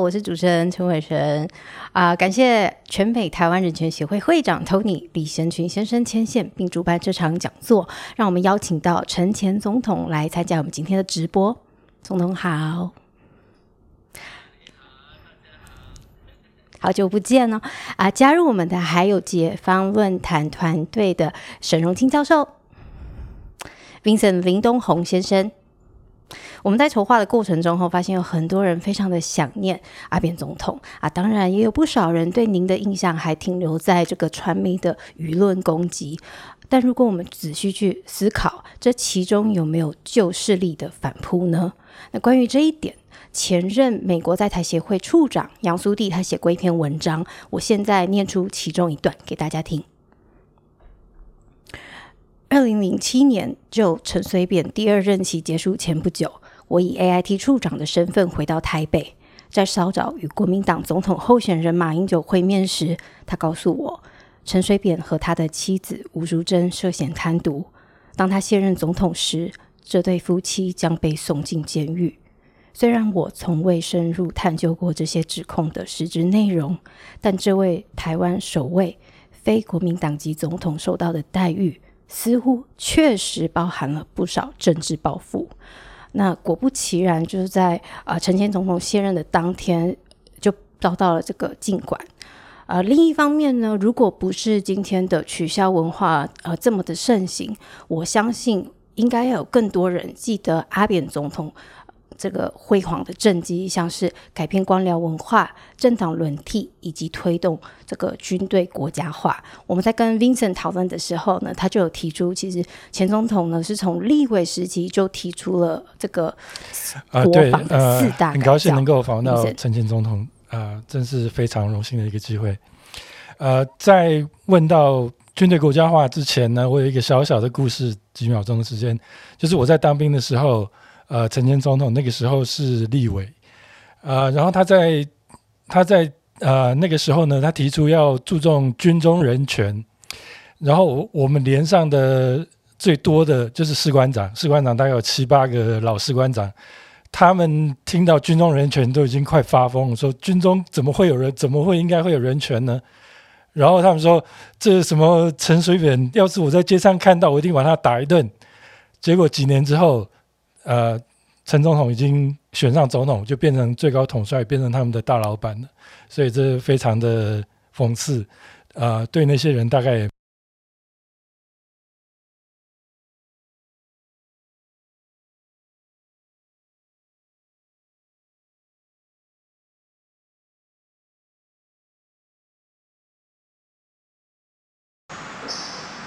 我是主持人陳偉成，啊、呃，感謝全美台灣人權協會會長 Tony 李賢群先生牽線並主辦這場講座，讓我們邀請到陳前總統來參加我們今天的直播。總統好，好久不見哦！啊、呃，加入我們的還有解放論壇團隊的沈榮欽教授，Vincent 林東紅先生。我們在籌劃的過程中後，發現有很多人非常的想念阿扁總統啊。當然，也有不少人對您的印象還停留在這個傳媒的輿論攻擊。但如果我們仔細去思考，這其中有沒有舊勢力的反撲呢？那關於這一點，前任美國在台協會處長楊甦棣他寫過一篇文章，我現在念出其中一段給大家聽。二零零七年，就陳水扁第二任期結束前不久，我以 AIT 處長的身份回到台北，在稍早與國民黨總統候選人馬英九會面時，他告訴我，陳水扁和他的妻子吳淑珍涉嫌貪瀆，當他卸任總統時，這對夫妻將被送進監獄。雖然我從未深入探究過這些指控的實質內容，但這位台灣首位非國民黨籍總統受到的待遇，似乎確實包含了不少政治抱負，那果不其然，就是在啊、呃，陳前總統卸任的當天就遭到，到了這個禁管。啊、呃，另一方面呢，如果不是今天的取消文化呃，這麼的盛行，我相信應該要有更多人記得阿扁總統。這個輝煌的政績，像是改變官僚文化、政黨輪替以及推動這個軍隊國家化。我們在跟 Vincent 討論的時候呢，他就有提出，其實前總統呢是從立委時期就提出了這個國防四大、呃、對、呃。很高興能夠訪問到陳前總統啊、呃，真是非常榮幸的一個機會。呃，在問到軍隊國家化之前呢，我有一個小小的故事，幾秒鐘的時間，就是我在當兵的時候。呃，陳前總統那個時候是立委，呃，然後他在他在呃那個時候呢，他提出要注重軍中人權，然後我們連上的最多的就是士官長，士官長大概有七八個老士官長，他們聽到軍中人權都已經快發瘋，說軍中怎麼會有人，怎麼會應該會有人權呢？然後他們說這是什麼陳水扁，要是我在街上看到，我一定把他打一頓。結果幾年之後。呃，陳總統已經選上總統，就變成最高統帥，變成他們的大老闆了，所以這非常的諷刺。啊、呃，對那些人，大概也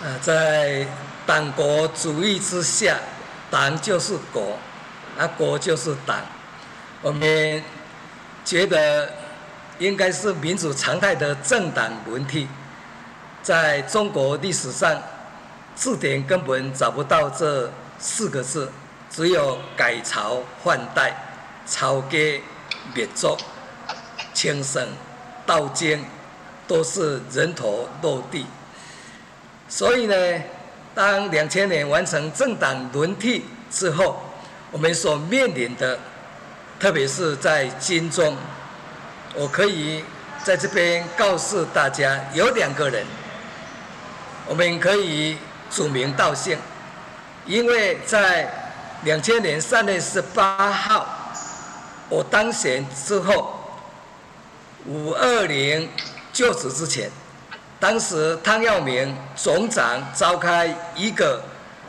呃，在黨國主義之下。黨就是國，那、啊、國就是黨。我們覺得應該是民主常態的政黨輪替，在中國歷史上，字典根本找不到這四個字，只有改朝換代、朝革滅族、槍聲刀尖，都是人頭落地。所以呢？當兩千年完成政黨輪替之後，我們所面臨的，特別是在軍中，我可以在這邊告訴大家，有兩個人，我們可以指名道姓，因為在兩千年三月十八號我當選之後，五二零就職之前。當時，湯耀明總長召開一個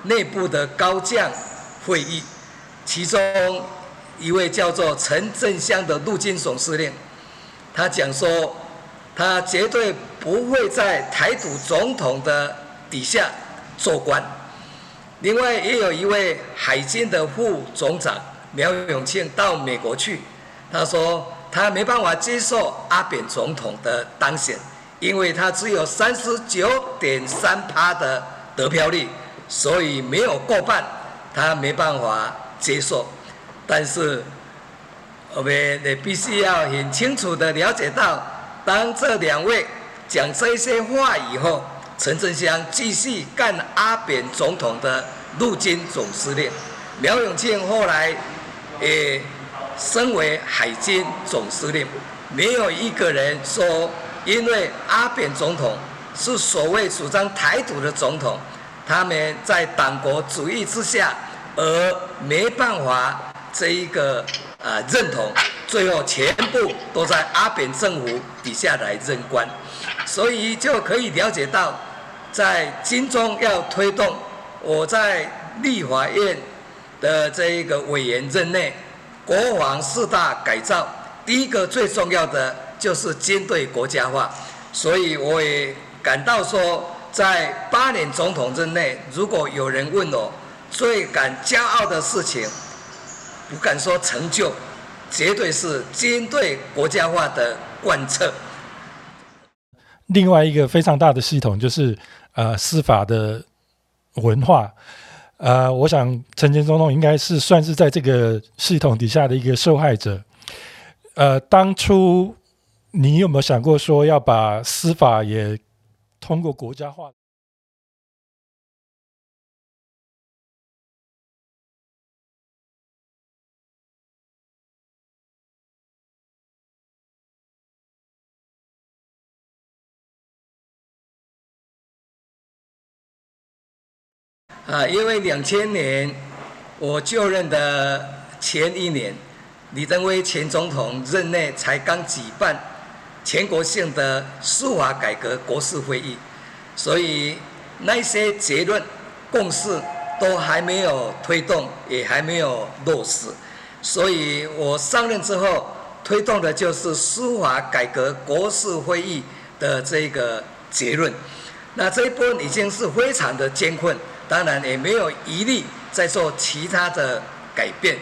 內部的高將會議，其中一位叫做陳鎮湘的陸軍總司令，他講說，他絕對不會在台獨總統的底下做官。另外，也有一位海軍的副總長苗永慶到美國去，他說他沒辦法接受阿扁總統的當選。因為他只有三十九點三趴的得票率，所以沒有過半，他沒辦法接受，但是我們也必須要很清楚的了解到，當這兩位講這些話以後，陳鎮湘繼續幹阿扁總統的陸軍總司令，苗永慶後來也升為海軍總司令，沒有一個人說。因為阿扁總統是所謂主張台獨的總統，他們在黨國主義之下，而沒辦法這一個呃認同，最後全部都在阿扁政府底下來任官，所以就可以了解到，在金中要推動我在立法院的這一個委員任內，國防四大改造，第一個最重要的。就是軍隊國家化，所以我也感到說，在八年總統任內，如果有人問我最感驕傲的事情，不敢說成就，絕對是軍隊國家化的貫徹。另外一個非常大的系統就是，呃，司法的文化，呃，我想陳前總統應該是算是在這個系統底下的一個受害者，呃，當初。你有沒有想過說要把司法也通過國家化？啊，因為兩千年我就任的前一年，李登輝前總統任內才剛舉辦。全國性的司法改革國事會議，所以那些結論、共識都還沒有推動，也還沒有落實。所以我上任之後推動的就是司法改革國事會議的這個結論。那這一波已經是非常的艱困，當然也沒有餘力再做其他的改變。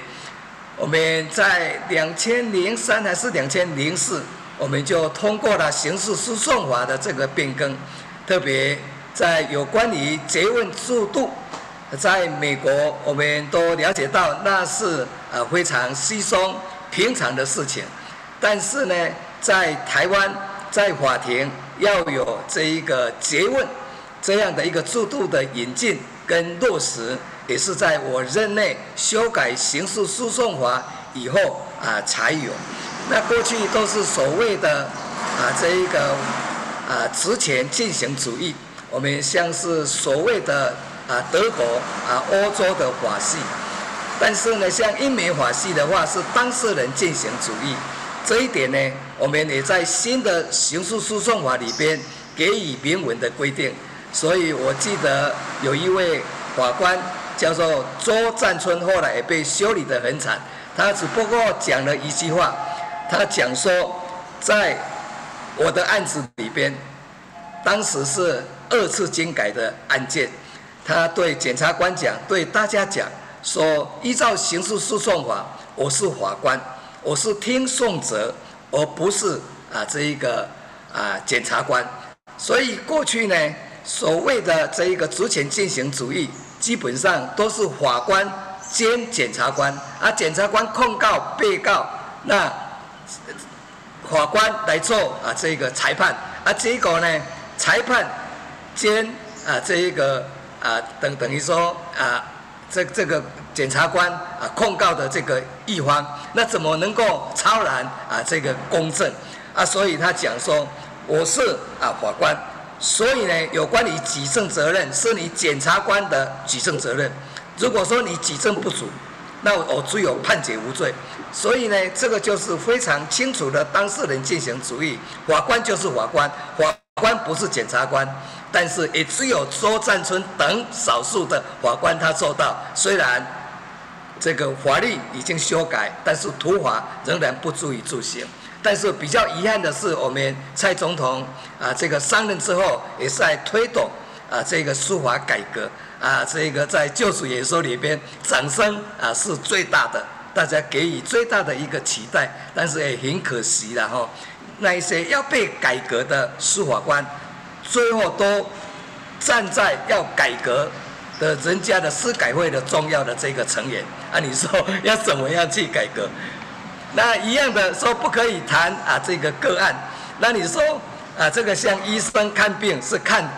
我們在兩千零三還是兩千零四？我們就通過了刑事訴訟法的這個變更，特別在有關於詰問制度，在美國我們都了解到那是呃非常稀鬆平常的事情，但是呢，在台灣在法庭要有這一個詰問這樣的一個制度的引進跟落實，也是在我任內修改刑事訴訟法以後啊才有。那過去都是所謂的啊、呃，這一個啊職權進行主義，我們像是所謂的啊、呃、德國啊、呃、歐洲的法系，但是呢，像英美法系的話是當事人進行主義，這一點呢，我們也在新的刑事訴訟法裡邊給予明文的規定。所以我記得有一位法官，叫做周占春，後來也被修理得很慘。他只不過講了一句話。他講說，在我的案子裡邊，當時是二次金改的案件。他對檢察官講，對大家講說，依照刑事訴訟法，我是法官，我是聽訟者，而不是啊這一個啊檢察官。所以過去呢，所謂的這一個職權進行主義，基本上都是法官兼檢察官，而、啊、檢察官控告被告那。法官來做啊，這個裁判啊，結果呢，裁判兼啊，這一個啊，等等於說啊，這這個檢察官啊控告的這個一方，那怎麼能夠超然啊，這個公正啊？所以他講說，我是啊法官，所以呢，有關於舉證責任是你檢察官的舉證責任，如果說你舉證不足。那我只有判決無罪，所以呢，這個就是非常清楚的當事人進行主義，法官就是法官，法官不是檢察官，但是也只有周占春等少數的法官他做到，雖然這個法律已經修改，但是徒法仍然不足以自行。但是比較遺憾的是，我們蔡總統啊，這個上任之後也是在推動。啊，這個司法改革啊，這個在就職演說裡邊，掌聲啊是最大的，大家給予最大的一個期待。但是也、欸、很可惜了哈，那一些要被改革的司法官，最後都站在要改革的人家的司改會的重要的這個成員啊，你說要怎麼樣去改革？那一樣的說不可以談啊，這個個案。那你說啊，這個像醫生看病是看。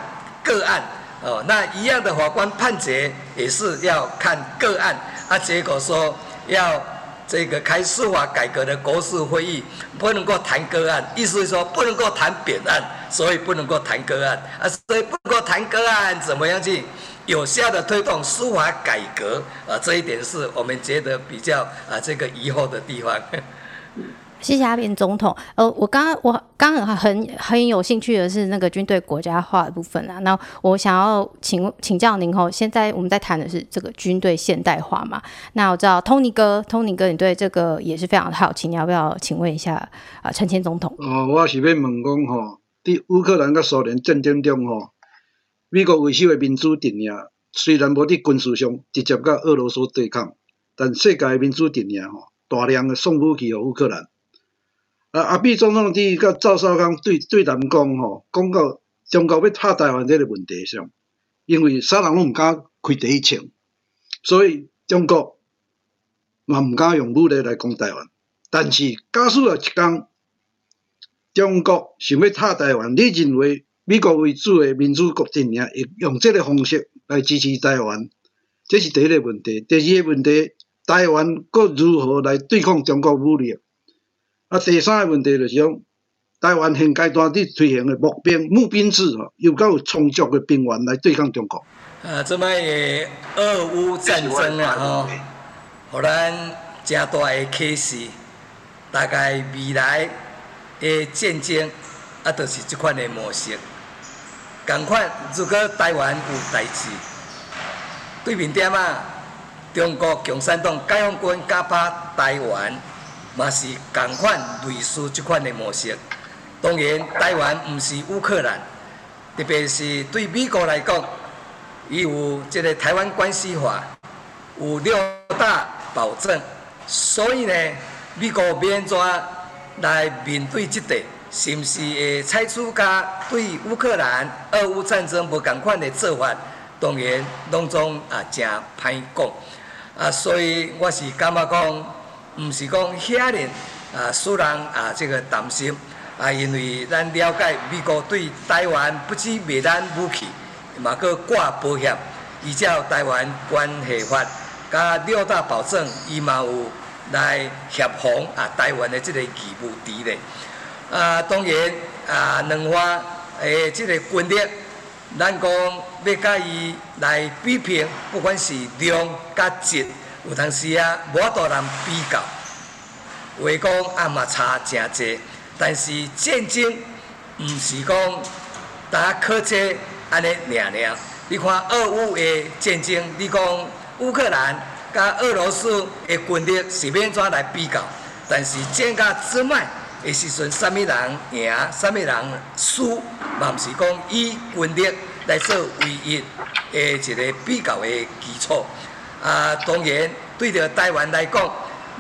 個案哦，那一樣的法官判決也是要看個案啊。結果說要這個開司法改革的國事會議，不能夠談個案，意思是說不能夠談扁案，所以不能夠談個案啊。所以不能夠談個案，怎麼樣去有效地推動司法改革啊？這一點是我們覺得比較啊這個疑惑的地方。謝謝阿扁總統。呃，我剛剛我剛剛很很有興趣的是那個軍隊國家化的部分啊。那我想要請請教您哦。現在我們在談的是這個軍隊現代化嘛？那我知道托尼哥托尼哥，哥你對這個也是非常好奇。你要不要請問一下啊、呃？陳前總統？哦、呃，我是要問講吼、哦，在烏克蘭跟蘇聯戰爭中吼、哦，美國為首的民主陣營雖然無在軍事上直接跟俄羅斯對抗，但世界的民主陣營吼，大量的送武器給烏克蘭。啊！阿扁總統佇甲趙少康對對南講吼，講到中國要拍台灣這個問題上，因為啥人攏唔敢開第一槍，所以中國也不敢用武力來攻台灣。但是加速了一天，中國想要打台灣，你認為美國為主的民主國陣營會用這個方式來支持台灣？這是第一個問題。第二個問題，台灣該如何來對抗中國武力？啊，第三個問題就是說，台灣現階段佇推行的募兵募兵制吼、啊，較有夠有充足的兵源來對抗中國。啊，即擺的俄烏戰爭啊吼，互咱誠大的啟示，大概未來的戰爭啊，都、就是即款的模式。共款如果台灣有代志，對面點啊？中國共產黨解放軍敢拍台灣。嘛是同款類似即款的模式，當然台灣毋是烏克蘭，特別是對美國來講，伊有即個台灣關係法，有六大保證，所以呢，美國欲按怎來面對即個？是毋是會採取甲對烏克蘭俄烏戰爭無共款的做法？當然當中啊誠歹講，啊，所以我是感覺講。唔是講嚇人，啊，使人啊，這個擔心啊，因為咱了解美國對台灣不止賣咱武器，嘛，佮掛保險，依照台灣關係法甲六大保證，伊嘛有來協防啊，台灣的這個義務佇咧。啊，當然啊，兩方的這個軍力，咱講要甲伊來比拼，不管是量甲質。有當時啊，無多人比較，話講也嘛差真濟。但是戰爭毋是講打客車安尼贏了。你看俄烏的戰爭，你講烏克蘭甲俄羅斯的軍力是要怎來比較？但是戰甲正邁的時陣，什麼人贏，什麼人輸，嘛毋是講以軍力來做唯一的一個比較的基礎。啊，當然，對着台灣來講，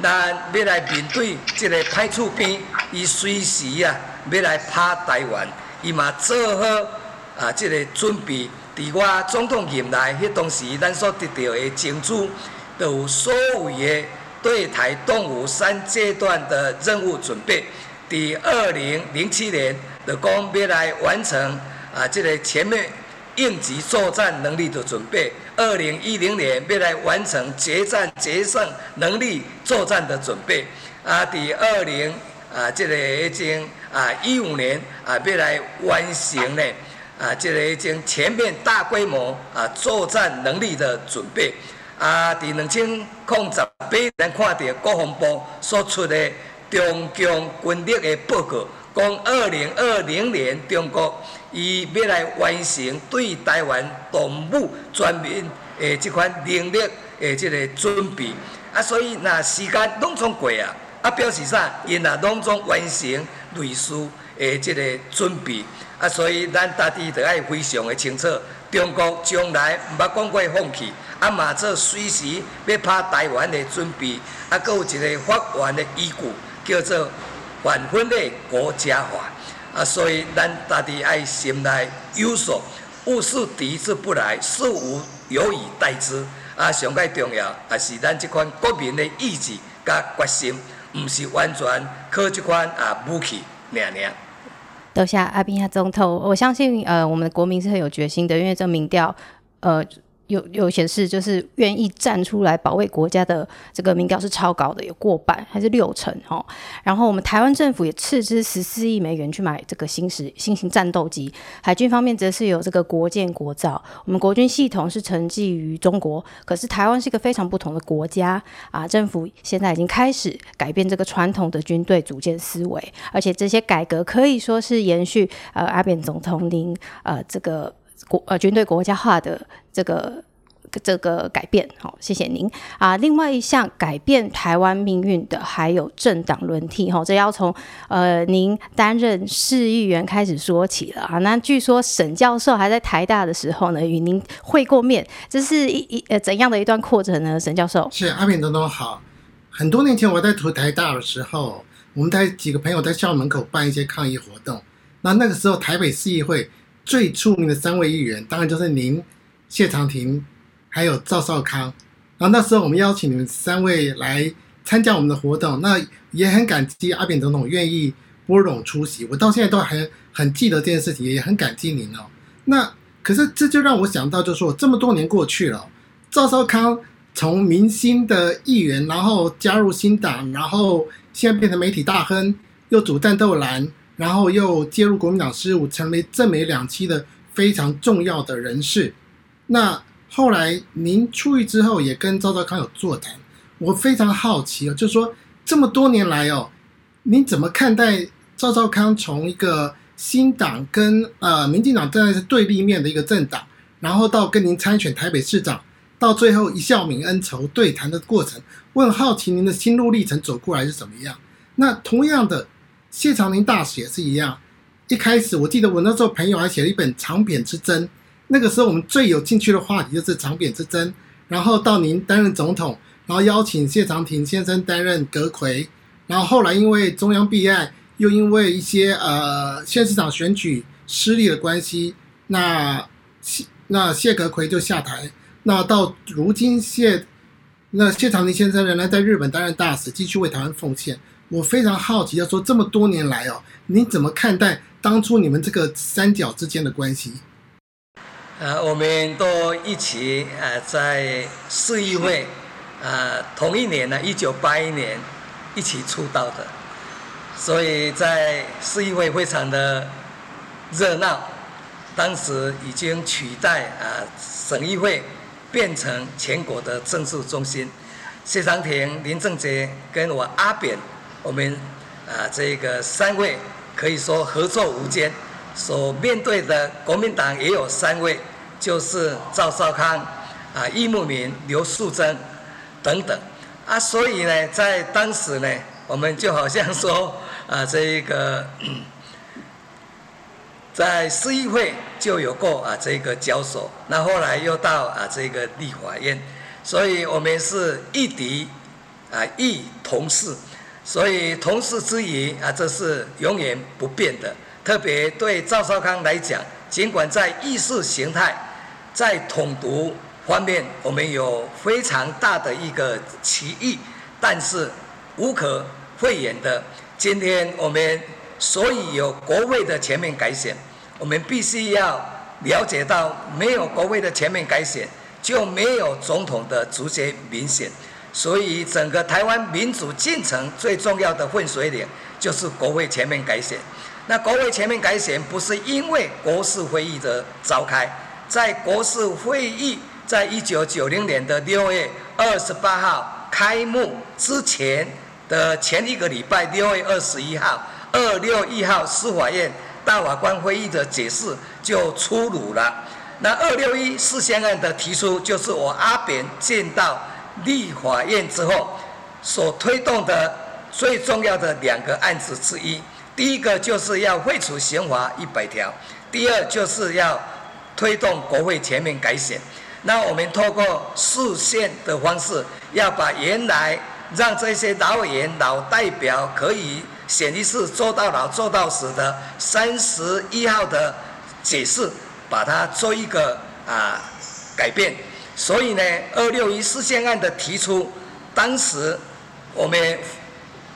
咱要來面對這個歹厝邊，伊隨時啊要來拍台灣，伊嘛做好啊這個準備。佇我總統任內，迄當時，咱所得到的清楚，都有所有的對台動武三階段的任務準備，佇二零零七年，就講要來完成啊這個前面，應急作戰能力的準備，二零一零年要來完成決戰決勝能力作戰的準備，啊，佇二零啊，即、這個已經啊一五年啊要來完成嘞，啊，即、這個已經全面大規模啊作戰能力的準備，啊，佇兩千零十八咱看到國防部所出的中共軍力的報告。講二零二零年，中國伊要來完成對臺灣動武全面誒即款能力誒即個準備。啊，所以若時間攏總過啊，啊表示啥？因若攏總完成類似誒即個準備。啊，所以咱家己着愛非常誒清楚，中國將來毋捌講過放棄，啊嘛則隨時要拍臺灣誒準備。啊，擱有一個法源誒依據叫做。反分的國家化，啊，所以咱家家要心內有數，物事抵制不來，事無有以代之啊。上加重要也、啊、是咱這款國民的意志甲決心，唔是完全靠這款啊武器。兩兩，多謝阿斌阿總統，我相信呃，我們的國民是很有決心的，因為這民調呃。有有顯示，就是願意站出來保衛國家的這個民調是超高的，有過半還是六成哦。然後我們台灣政府也斥資十四億美元去買這個新式新型戰鬥機，海軍方面則是有這個國艦國造。我們國軍系統是承繼於中國，可是台灣是一個非常不同的國家啊。政府現在已經開始改變這個傳統的軍隊組建思維，而且這些改革可以說是延續呃阿扁總統您呃這個國呃軍隊國家化的。這個這個改變，好，謝謝您啊！另外一項改變台灣命運的，還有政黨輪替，哈，這要從呃您擔任市議員開始說起了啊。那據說沈教授還在台大的時候呢，與您會過面，這是一一呃怎樣的一段過程呢？沈教授，是阿扁，總統好，很多年前我在讀台大的時候，我們在幾個朋友在校門口辦一些抗議活動，那那個時候台北市議會最出名的三位議員，當然就是您。謝長廷，還有趙少康，然後那時候我們邀請你們三位來參加我們的活動，那也很感激阿扁總統願意撥冗出席，我到現在都還很,很記得這件事情，也很感激您哦。那可是這就讓我想到，就是說這麼多年過去了，趙少康從明星的議員，然後加入新黨，然後現在變成媒體大亨，又主戰鬥藍，然後又介入國民黨事務，成為政媒兩棲的非常重要的人士。那後來您出獄之後也跟趙少康有座談，我非常好奇哦，就是說這麼多年來哦，您怎麼看待趙少康從一個新黨跟呃民進黨站在是對立面的一個政黨，然後到跟您參選台北市長，到最後一笑泯恩仇對談的過程，我很好奇您的心路歷程走過來是怎麼樣。那同樣的，謝長廷大使也是一樣，一開始我記得我那時候朋友還寫了一本《長扁之爭》。那個時候，我們最有興趣的話題就是長扁之爭。然後到您擔任總統，然後邀請謝長廷先生擔任閣揆，然後後來因為中央弊案，又因為一些呃縣市長選舉失利的關係，那謝那謝閣揆就下台。那到如今謝那謝長廷先生仍然在日本擔任大使，繼續為台灣奉獻。我非常好奇要說，這麼多年來哦，你怎麼看待當初你們這個三角之間的關係？啊，我們都一起啊，在市議會啊，同一年呢，一九八一年一起出道的，所以在市議會非常的熱鬧，當時已經取代啊省議會，變成全國的政治中心。謝長廷、林正杰跟我阿扁，我們啊這個三位可以說合作無間，所面對的國民黨也有三位。就是趙少康，啊，郁慕明、劉素貞，等等，啊，所以呢，在當時呢，我們就好像說，啊，這一個，在市議會就有過啊，這個交手，那後來又到啊，這個立法院，所以我們是亦敵，啊，亦同事，所以同事之誼啊，這是永遠不變的。特別對趙少康來講，儘管在意識形態。在統獨方面，我們有非常大的一個歧義，但是無可諱言的，今天我們所以有國會的全面改選，我們必須要了解到，沒有國會的全面改選，就沒有總統的直接民選。所以，整個台灣民主進程最重要的分水嶺，就是國會全面改選。那國會全面改選不是因為國是會議的召開。在國是會議在一九九零年的六月二十八號開幕之前的前一個禮拜，六月二十一號、二六一號，司法院大法官會議的解釋就出爐了。那二六一釋憲案的提出，就是我阿扁見到立法院之後所推動的最重要的兩個案子之一。第一個就是要廢除刑法一百條，第二就是要。推動國會全面改選，那我們透過釋憲的方式，要把原來讓這些老委員、老代表可以選一次做到老、做到死的三十一號的解釋，把它做一個啊改變。所以呢，二六一釋憲案的提出，當時我們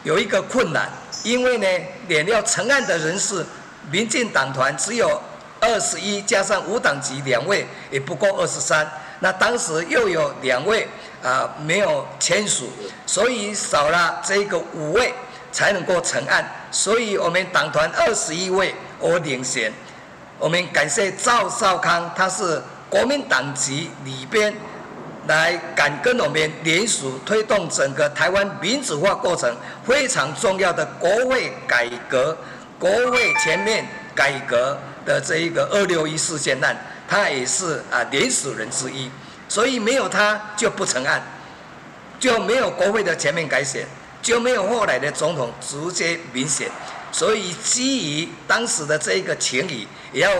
有一個困難，因為呢，連要成案的人士，民進黨團只有。二十一加上無黨籍兩位，也不過二十三。那當時又有兩位啊沒有簽署，所以少了這個五位才能夠成案。所以我們黨團二十一位我領銜。我們感謝趙少康，他是國民黨籍裡邊來敢跟我們聯署，推動整個台灣民主化過程非常重要的國會改革，國會全面改革的這一個二六一事件案，他也是啊連署人之一，所以沒有他就不成案，就沒有國會的全面改選，就沒有後來的總統直接民選。所以基於當時的這一個情理，也要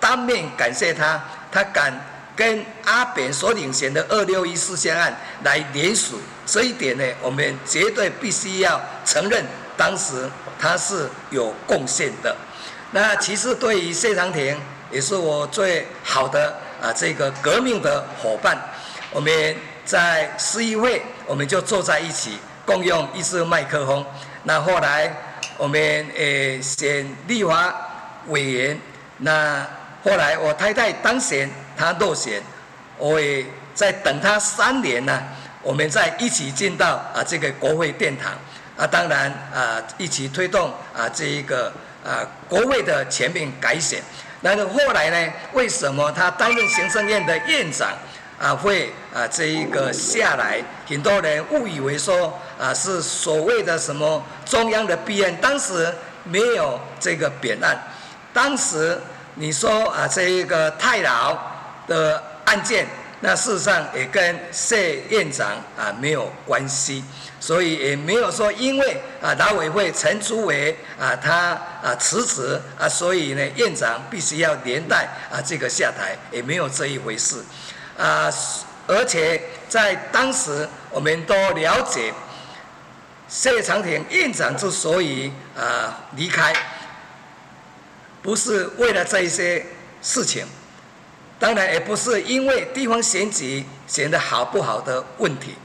當面感謝他，他敢跟阿扁所領銜的二六一事件案來連署，這一點呢，我們絕對必須要承認，當時他是有貢獻的。那其實對於謝長廷，也是我最好的啊這個革命的夥伴。我們在市議會，我們就坐在一起，共用一支麥克風。那後來我們呃選立法委員，那後來我太太當選，他落選，我也在等他三年呢。我們再一起進到啊這個國會殿堂，啊當然啊一起推動啊這一個。啊，國會的全面改選，那是後，後來呢，為什麼他擔任行政院的院長啊，會啊這一個下來，很多人誤以為說啊是所謂的什麼中央的弊案，當時沒有這個扁案，當時你說啊這一個太老的案件，那事實上也跟謝院長啊沒有關係。所以也沒有說，因為啊，黨委會陳主委啊，他啊辭職啊，所以呢，院長必須要連帶啊，這個下台也沒有這一回事。啊，而且在當時，我們都了解謝長廷院長之所以啊離開，不是為了這一些事情，當然也不是因為地方選舉選得好不好的問題。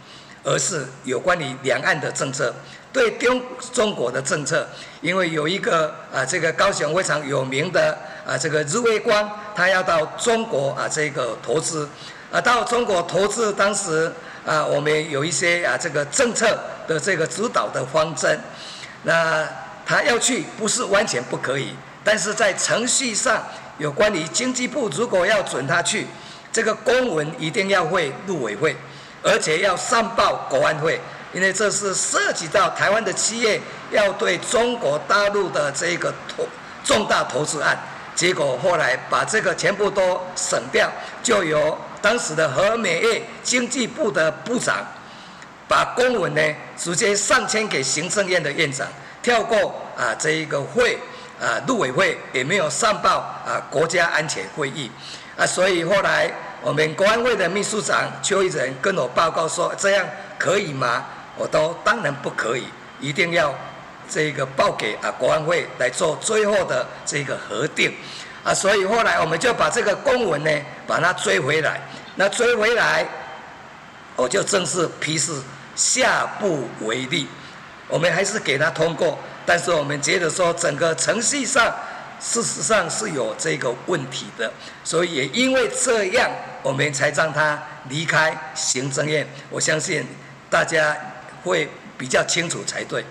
而是有關於兩岸的政策，對中中國的政策，因為有一個啊，這個高雄非常有名的啊，這個日月光，他要到中國啊，這個投資，啊，到中國投資，當時啊，我們有一些啊，這個政策的這個指導的方針，那他要去不是完全不可以，但是在程序上，有關於經濟部如果要准他去，這個公文一定要會陸委會。而且要上報國安會，因為這是涉及到台灣的企業要對中國大陸的這個投重大投資案，結果後來把這個全部都省掉，就由當時的何美玥經濟部的部長，把公文呢直接上簽給行政院的院長，跳過啊這一個會啊陸委會也沒有上報啊國家安全會議，啊所以後來。我們國安會的秘書長邱義仁跟我報告說：“這樣可以嗎？”我都當然不可以，一定要這個報給啊國安會來做最後的這個核定啊。所以後來我們就把這個公文呢，把它追回來。那追回來，我就正式批示下不為例，我們還是給他通過。但是我們覺得說整個程序上。事實上是有這個問題的，所以也因為這樣，我們才讓他離開行政院，我相信大家會比較清楚才對。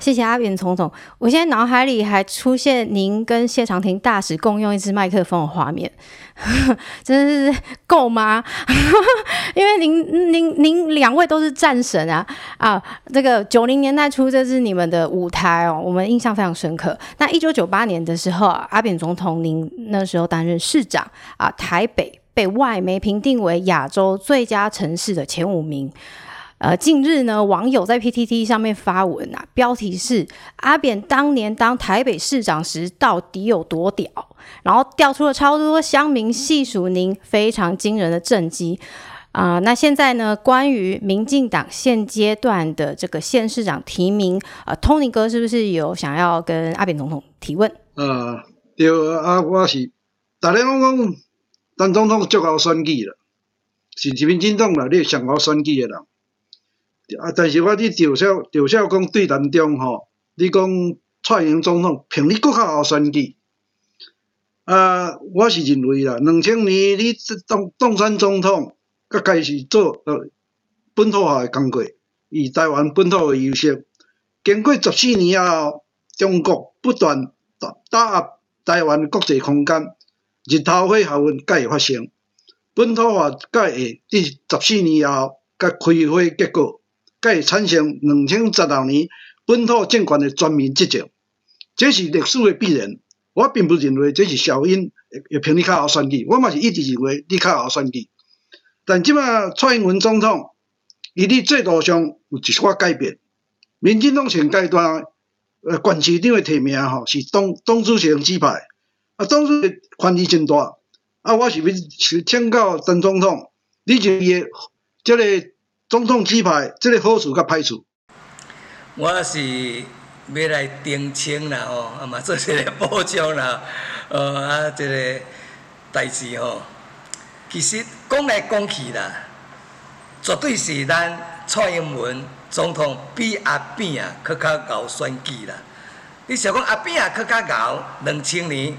謝謝阿扁總統，我現在腦海裡還出現您跟謝長廷大使共用一支麥克風的畫面呵呵，真是夠嗎呵呵？因為您、您、您兩位都是戰神啊！啊，這個九零年代初，這是你們的舞台哦，我們印象非常深刻。那一九九八年的時候啊，阿扁總統，您那時候擔任市長啊，台北被外媒評定為亞洲最佳城市的前五名。呃，近日呢，網友在 PTT 上面發文啊，標題是“阿扁當年當台北市長時到底有多屌”，然後調出了超多鄉民細數您非常驚人的政績啊、呃。那現在呢，關於民進黨現階段的這個縣市長提名，呃，Tony 哥是不是有想要跟阿扁總統提問？呃，對啊，我是大家攏講，陳總統就要算計了，是民進黨了，你是上好算計了啊！但是我佇嘲笑、嘲笑講，對談中吼，你講蔡英文總統憑你擱較會選舉。啊，我是認為啦，兩千年你當當選總統，佮開始做本土化誒工作，以台灣本土為優勢。經過十四年後，中國不斷打壓台灣國際空間，日頭花效應才會發生。本土化才會，佇十四年後佮開花結果。該產生兩千十六年本土政權的全面執政，這是歷史的必然。我並不認為這是小英，要評你較好選舉，我嘛是一直認為你較好選舉。但即擺蔡英文總統，伊咧制度上有一寡改變，民進黨現階段，呃，縣市長的提名吼是董董主席指派啊，董主席權力真大，啊，我是要請到陳總統，你就以這個。總統指派，即、這個好處佮歹處，我是要來澄清啦、啊、吼，啊嘛做些個保障啦，呃啊即、這個代誌吼，其實講來講去啦，絕對是咱蔡英文總統比阿扁啊更加賢選舉啦。你想講阿扁啊更加賢，兩千年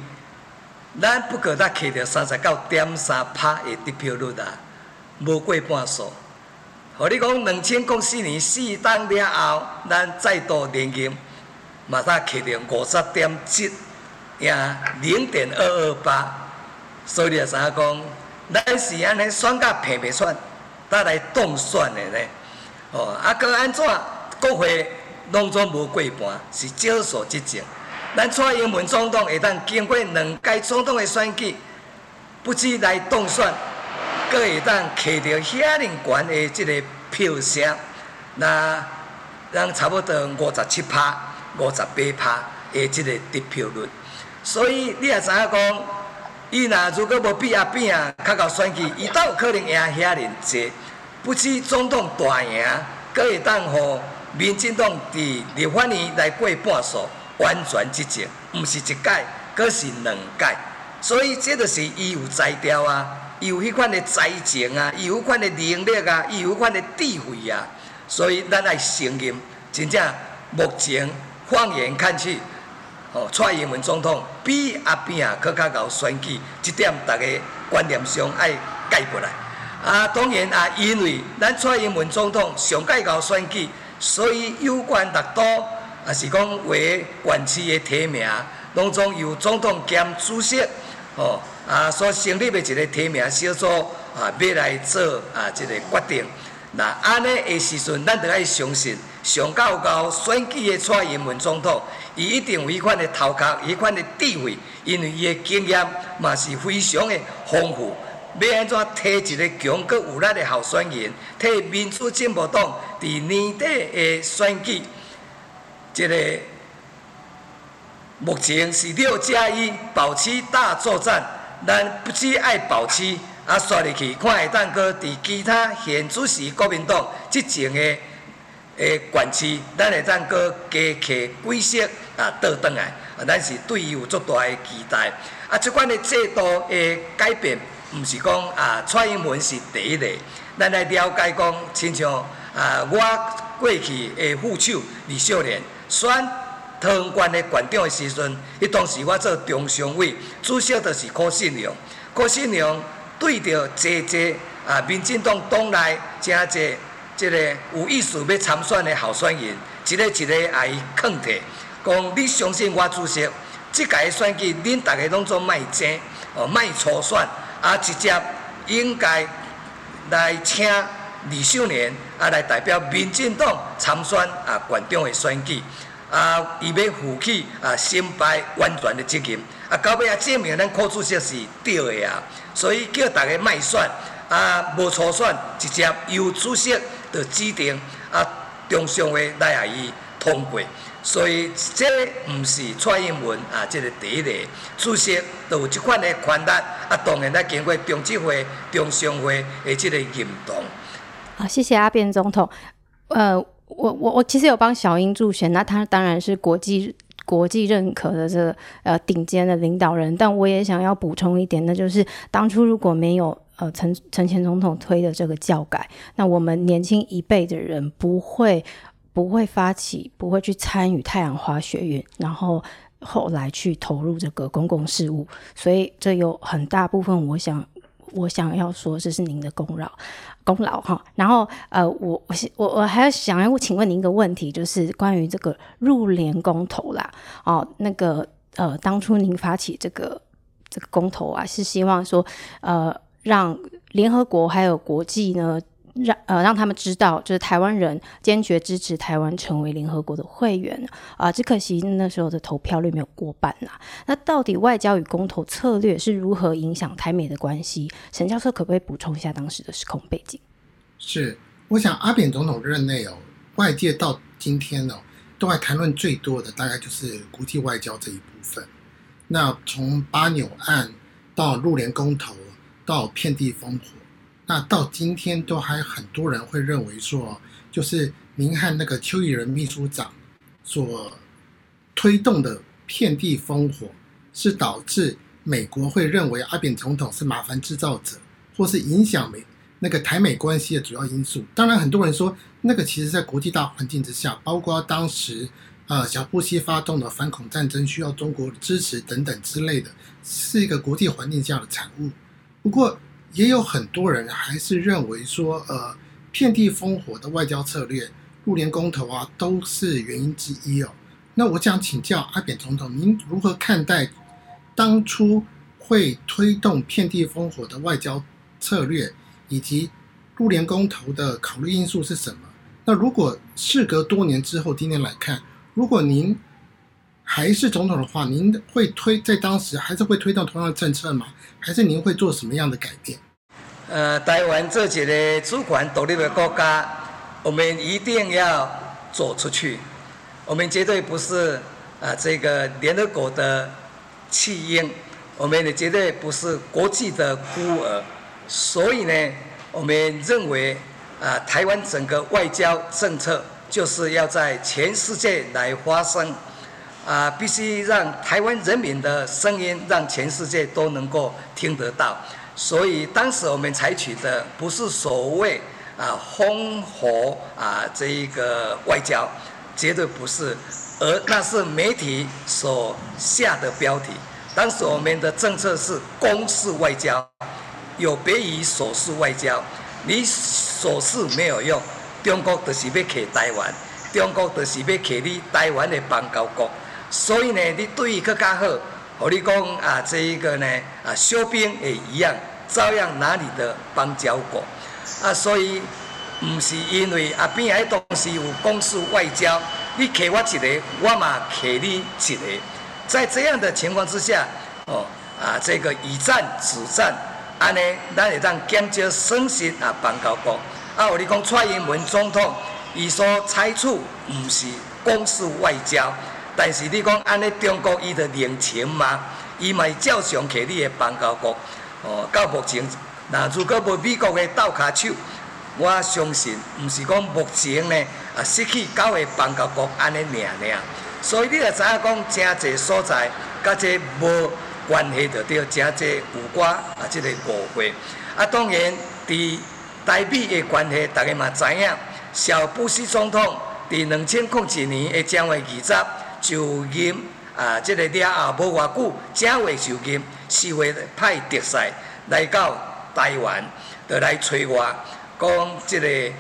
咱不過才摕着三十九點三趴的得票率啊，無過半數。我、哦、你講兩千零四年四當年後，咱再度連任，嘛才確定五十點七，贏零點二二八。所以你知影講，咱是安尼雙加平平算，再來當選的咧。哦，啊，到安怎國會攏總無過半，是少數執政。咱蔡英文總統會當經過兩屆總統的選舉，不知來當選。佮會當摕着遐尼懸的即個票箱，那咱差不多五十七拍、五十八拍的即個得票率。所以你也知影講，伊若如果無比阿扁較夠選舉，伊都有可能贏遐尼濟，不止總統大贏，佮會當互民進黨佇立法年來過半數，完全執政毋是一屆，佮是兩屆。所以即著是伊有才調啊。有迄款的才情啊，有迄款的能力啊，有迄款的智慧啊，所以咱愛承認，真正目前放眼看去，哦，蔡英文總統比阿扁啊更加賢選舉，這點逐個觀念上要改過來啊，當然啊，因為咱蔡英文總統上賢選舉，所以有關六都啊是講為縣市的提名攏總由總統兼主席，哦。啊，所以成立的一個提名小組啊，要來做啊，一個決定。那安尼嘅時陣，咱就愛相信上到到選舉嘅蔡英文總統，伊一定有彼款嘅頭殼，有彼款嘅地位，因為伊嘅經驗嘛是非常嘅豐富。要安怎推一個強、國有力嘅候選人，替民主進步黨佇年底嘅選舉，即、這個目前是六加一保七大作戰。咱不止愛保持，啊，刷入去，看會當擱佇其他縣、縣市、國民黨執政的誒、欸、管區，咱會當擱加客貴色啊倒轉來，啊，咱是對伊有足大誒期待。啊，即款誒制度誒改變，毋是講啊蔡英文是第一個，咱來了解講，親像啊我過去誒副手李秀蓮，選。台灣的縣長的時陣，伊當時我做中常委，主席就是許信良。許信良對坐着濟濟啊，民進黨黨內正濟即個、這個、有意思要參選的候選人，一個一個伊肯提，講、啊、你相信我主席，即屆選舉恁逐個攏做麥爭哦，麥錯選，啊直接應該來請呂秀蓮啊來代表民進黨參選啊縣長的選舉。啊，伊要負起啊，成敗完全的責任。啊，到尾啊，證明咱靠主席是對的啊，所以叫逐個賣選，啊，無錯選，直接由主席佇指定啊，中常會來啊，伊通過。所以即個毋是蔡英文啊，即、這個第一個主席著有這款誒權力啊，當然要經過中執會、中常會誒，即個認同。好，謝謝阿、啊、扁總統，呃。我我我其實有幫小英助選，那他當然是國際國際認可的這個呃頂尖的領導人，但我也想要補充一點，那就是當初如果沒有呃陳陳前總統推的這個教改，那我們年輕一輩的人不會不會發起，不會去參與太陽花學運，然後後來去投入這個公共事務，所以這有很大部分，我想我想要說，這是您的功勞。功勞哈，然後呃，我我我我還要想要請問您一個問題，就是關於這個入聯公投啦，哦，那個呃，當初您發起這個這個公投啊，是希望說呃，讓聯合國還有國際呢。讓呃讓他們知道，就是台灣人堅決支持台灣成為聯合國的會員啊、呃！只可惜那時候的投票率沒有過半啦、啊。那到底外交與公投策略是如何影響台美的關係？陳教授可不可以補充一下當時的時空背景？是，我想阿扁總統任內哦，外界到今天哦，都還談論最多的大概就是國際外交這一部分。那從巴紐案到入聯公投到遍地烽火。那到今天都還很多人會認為說，就是您和那個邱義仁秘書長所推動的遍地烽火，是導致美國會認為阿扁總統是麻煩製造者，或是影響美那個台美關係的主要因素。當然，很多人說那個其實在國際大環境之下，包括當時呃小布希發動的反恐戰爭需要中國支持等等之類的，是一個國際環境下的產物。不過。也有很多人還是認為說，呃，遍地烽火的外交策略，入聯公投啊，都是原因之一哦。那我想請教阿扁總統，您如何看待當初會推動遍地烽火的外交策略，以及入聯公投的考慮因素是什麼？那如果事隔多年之後，今天來看，如果您還是總統的話，您會推在當時還是會推動同樣的政策嗎？還是您會做什麼樣的改變？呃，台灣自己的主權獨立的國家，我們一定要走出去，我們絕對不是啊、呃、這個聯合國的棄嬰，我們也絕對不是國際的孤兒。所以呢，我們認為啊、呃，台灣整個外交政策就是要在全世界來發生。啊，必須讓台灣人民的聲音，讓全世界都能夠聽得到。所以當時我們採取的不是所謂啊烽火啊這一個外交，絕對不是，而那是媒體所下的標題。當時我們的政策是攻勢外交，有別於守勢外交。你守勢沒有用，中國就是要挾台灣，中國就是要挾你台灣的邦交國。所以呢，你對伊閣較好。我你講啊，這一個呢，啊，小編也一樣，照樣拿你的邦交國。啊，所以毋是因為啊，邊海當時有公事外交，你給我一個，我嘛給你一個。在這樣的情況之下，哦，啊，這個以戰止戰，安尼，咱也讓減少損失啊，邦交國。啊，我你講蔡英文總統，伊所採取毋是公事外交。但是你講安尼，中國伊着年情嘛？伊嘛照上起你個邦交國哦。到目前，若如果無美國個倒卡手，我相信毋是講目前呢啊失去九個邦交國安尼命了。所以你也知影講誠濟所在，甲這無關係着對，誠濟有關啊，即、這個誤會。啊，當然，佇台美個關係，大家嘛知影，小布什總統佇兩千零一年個正月二十。就任啊，即、這個店啊，無偌久正為就任，四月派特使來到台灣，來來催我，講即、這個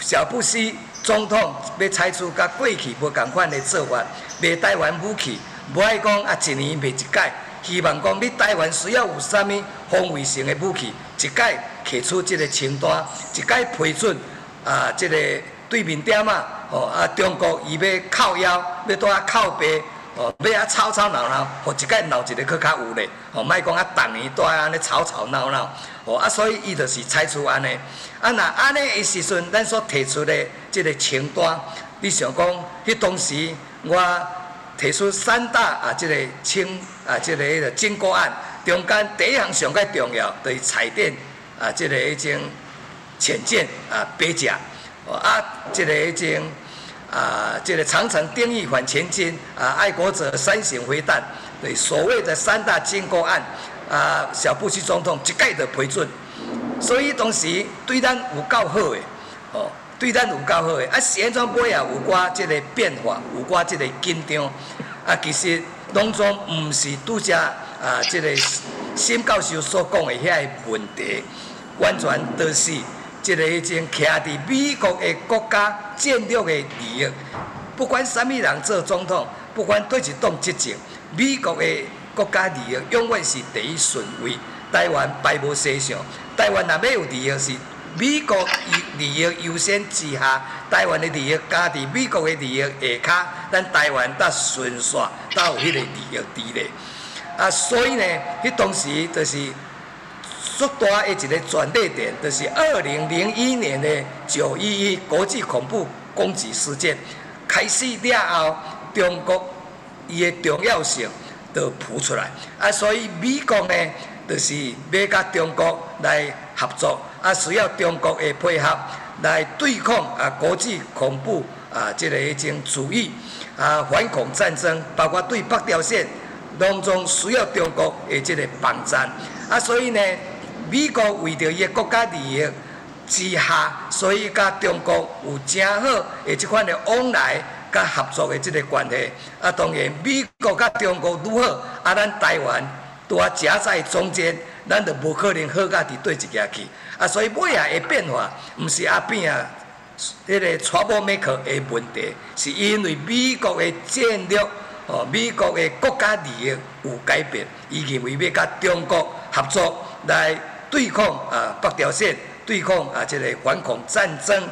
小布希總統要採取甲過去無共款的做法，賣台灣武器，無愛講啊一年賣一屆，希望講你台灣需要有啥物防衛性的武器，一屆提出即個清單，一屆批准啊，即、這個對面點啊。哦，啊，中國伊要靠腰，要帶啊靠北，哦，要啊吵吵鬧鬧，互一個鬧一個更較有咧，吼、哦，莫講啊逐年都安尼吵吵鬧鬧，哦，啊，所以伊就是採取安尼。啊，若安尼的時陣，咱所提出嘞即個清單，你想講，迄，當時我提出三大啊，即個清啊，即個迄個軍購案中間第一項上較重要就是柴電啊，即個迄種潛艦啊，白家，哦，啊，即、這個迄種。啊。啊、呃，這個長程定翼反潛機啊、呃，愛國者三型回彈，對所謂的三大軍購案啊、呃，小布希總統一概的批准，所以當時對咱有夠好的，哦，對咱有夠好的，啊，前段買啊有寡即個變化，有寡即個緊張，啊，其實當中毋是拄只啊，即、呃這個新教授所講的遐個問題，完全都是。一個正徛在美國的國家戰略的利益，不管啥物人做總統，不管對是黨執政，美國的國家利益永遠是第一順位台。台灣排無思想，台灣若要有利益是美國利益優先之下，台灣的利益加在美國的利益下骹，咱台灣得順續到迄個利益之內。啊，所以呢，迄當時就是。最大的一個轉捩點就是二零零一年的九一一國際恐怖攻擊事件，開始了後，中國伊的重要性都浮出來。啊，所以美國呢，就是要甲中國來合作，啊，需要中國的配合來對抗啊國際恐怖啊，即、這個迄種主義啊，反恐戰爭，包括對北朝鮮當中需要中國的這個幫助。啊，所以呢。美國為着伊個國家利益之下，所以甲中國有誠好誒即款誒往來甲合作誒即個關係。啊，當然美國甲中國如何，啊，咱台灣拄啊夾在中間，咱就無可能好甲佇對一邊去。啊，所以尾仔誒變化，毋是阿扁啊，迄個 trouble maker 誒問題，是因為美國誒戰略，哦，美國誒國家利益有改變，伊認為要甲中國合作來。對抗啊，八條線對抗啊，這個反恐戰爭，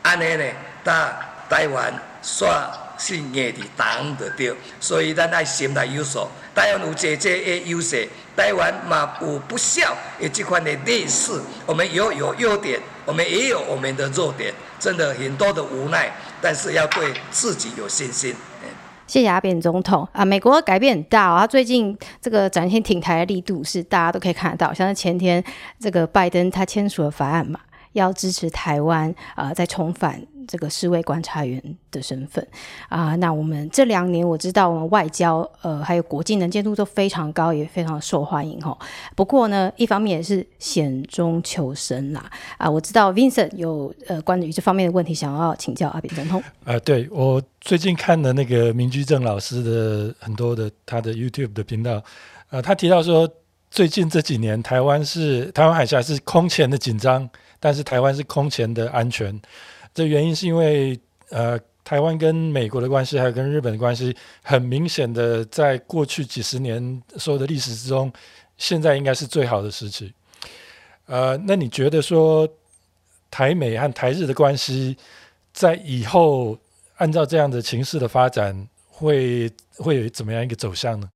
安尼呢，咱台灣煞是硬的擋的對，所以咱還心來有所。台灣有姐姐的優勢，台灣嘛有不少的這款的劣勢。我們也有，有優點，我們也有我們的弱點，真的很多的無奈。但是要對自己有信心。謝謝阿扁總統啊，美國的改變很大啊、哦，最近這個展現挺台的力度是大家都可以看到，像是前天這個拜登他簽署了法案嘛，要支持台灣啊，在、呃、重返。這個世衛觀察員的身份啊、呃，那我們這兩年我知道我們外交呃還有國際能見度都非常高，也非常受歡迎、哦、不過呢，一方面也是險中求生啦啊、呃。我知道 Vincent 有呃關於這方面的問題想要請教阿扁總統。呃，對我最近看了那個明居正老師的很多的他的 YouTube 的頻道，呃、他提到說最近這幾年台灣是台灣海峽是空前的緊張，但是台灣是空前的安全。這原因是因為，呃，台灣跟美國的關係，還有跟日本的關係，很明顯的，在過去幾十年所有的歷史之中，現在應該是最好的時期。呃，那你覺得說台美和台日的關係，在以後按照這樣的情勢的發展會，會會有怎麼樣一個走向呢？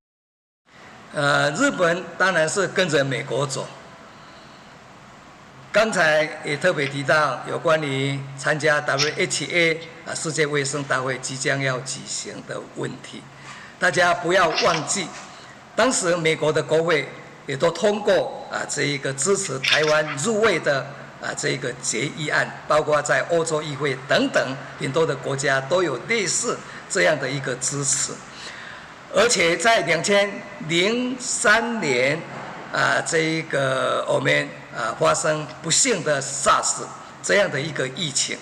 呃，日本當然是跟着美國走。剛才也特別提到有關於參加 WHA 啊，世界衛生大會即將要舉行的問題，大家不要忘記，當時美國的國會也都通過啊，這一個支持台灣入會的啊這一個決議案，包括在歐洲議會等等很多的國家都有類似這樣的一個支持，而且在兩千零三年啊，這一個我們。啊、呃，發生不幸的 SARS 這樣的一個疫情，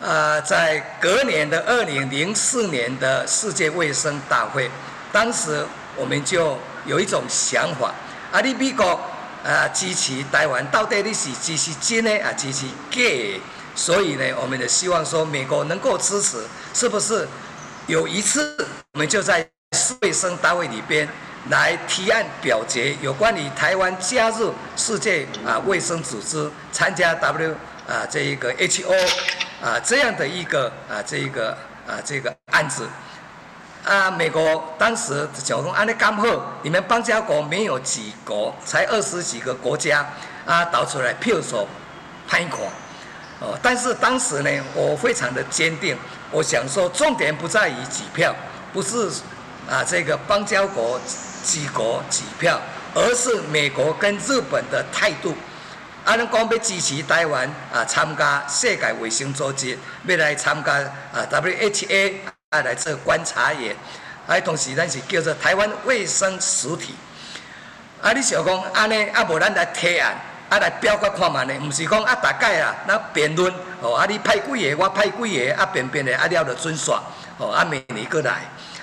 啊、呃，在隔年的二零零四年的世界衛生大會，當時我們就有一種想法，啊，你美國啊支持台灣到底你是支持真呢，啊支持假？所以呢，我們也希望說美國能夠支持，是不是有一次我們就在衛生大會裡邊。來提案表決有關於台灣加入世界啊衛生組織，參加 W 啊這一個 H O 啊這樣的一個啊這一個啊這個案子啊美國當時九龍安的幹部，你們邦交國沒有幾個，才二十幾個國家啊倒出來譬如說拍國哦，但是當時呢，我非常的堅定，我想說重點不在於幾票，不是啊這個邦交國。幾國幾票，而是美國跟日本的態度。阿能講要支持台灣啊，參加世界衛生組織，要來參加啊 WHA 啊來做觀察員。啊，同時咱是叫做台灣衛生實體。啊，你想講安尼啊？無咱來提案啊，來表決看嘛呢？唔是講啊，大概啊，那辯論哦啊，你派幾個，我派幾個啊？邊邊的啊聊的准爽哦啊，明年過來